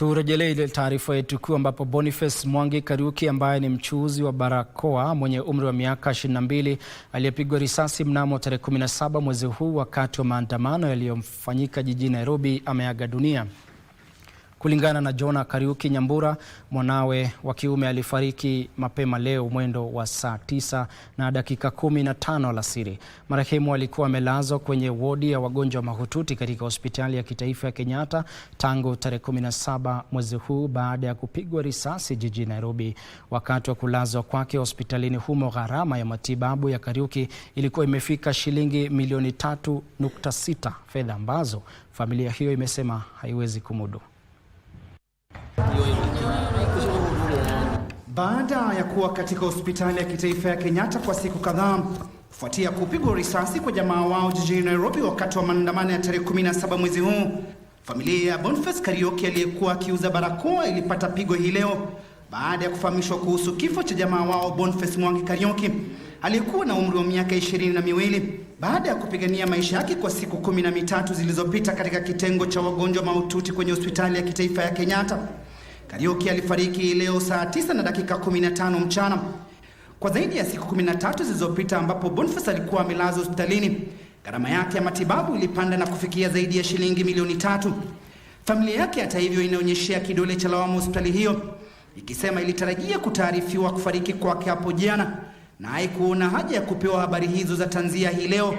Turejelee ile taarifa yetu kuu ambapo Boniface Mwangi Kariuki ambaye ni mchuuzi wa barakoa mwenye umri wa miaka 22 aliyepigwa risasi mnamo tarehe 17 mwezi huu wakati wa maandamano yaliyofanyika jijini Nairobi ameaga dunia. Kulingana na Jona Kariuki Nyambura, mwanawe wa kiume alifariki mapema leo mwendo wa saa tisa na dakika kumi na tano alasiri. Marehemu alikuwa amelazwa kwenye wodi ya wagonjwa mahututi katika hospitali ya kitaifa ya Kenyatta tangu tarehe 17 mwezi huu baada ya kupigwa risasi jijini Nairobi. Wakati wa kulazwa kwake hospitalini humo, gharama ya matibabu ya Kariuki ilikuwa imefika shilingi milioni 3.6, fedha ambazo familia hiyo imesema haiwezi kumudu. Baada ya kuwa katika hospitali ya kitaifa ya Kenyatta kwa siku kadhaa kufuatia kupigwa risasi kwa jamaa wao jijini Nairobi wakati wa maandamano ya tarehe 17 mwezi huu, familia ya Boniface Kariuki aliyekuwa akiuza barakoa ilipata pigo hii leo baada ya kufahamishwa kuhusu kifo cha jamaa wao Boniface Mwangi Kariuki aliyekuwa na umri wa miaka ishirini na miwili baada ya kupigania maisha yake kwa siku kumi na mitatu zilizopita katika kitengo cha wagonjwa mahututi kwenye hospitali ya kitaifa ya Kenyatta. Kariuki alifariki leo saa tisa na dakika 15 mchana kwa zaidi ya siku 13 zilizopita, ambapo Boniface alikuwa amelazwa hospitalini. Gharama yake ya matibabu ilipanda na kufikia zaidi ya shilingi milioni tatu. Familia yake hata hivyo inaonyeshea kidole cha lawamu hospitali hiyo ikisema ilitarajia kutaarifiwa kufariki kwake hapo jana na haikuona haja ya kupewa habari hizo za tanzia hii leo.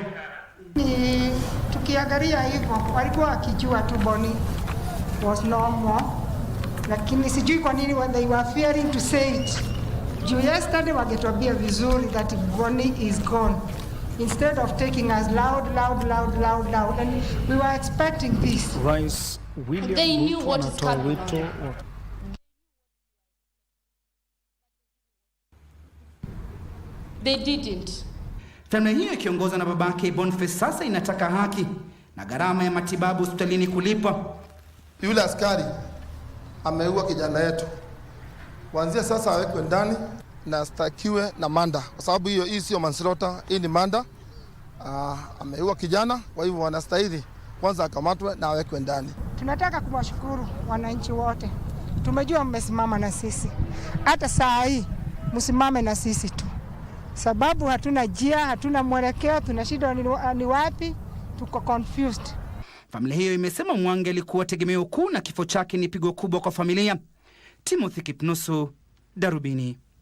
Ni tukiangalia hivyo walikuwa wakijua tu Boni was no more lakini sijui kwa nini when they were fearing to say it juu yesterday wangetuambia vizuri that Boni is gone instead of taking us loud loud loud loud loud and we were expecting this. Rais William Ruto anatoa wito They didn't. Familia hiyo ikiongozwa na babake Boniface sasa inataka haki na gharama ya matibabu hospitalini kulipa. Yule askari ameua kijana yetu. Kuanzia sasa awekwe ndani na stakiwe na manda, kwa sababu hiyo hii sio manslota, hii ni manda. Ah, ameua kijana, kwa hivyo wanastahili kwanza akamatwe na awekwe ndani. Tunataka kuwashukuru wananchi wote, tumejua mmesimama na sisi, hata saa hii msimame na sisi tu, sababu hatuna jia hatuna mwelekeo, tuna shida ni wapi, tuko confused. Familia hiyo imesema Mwangi alikuwa tegemeo kuu na kifo chake ni pigo kubwa kwa familia. Timothy Kipnusu, Darubini.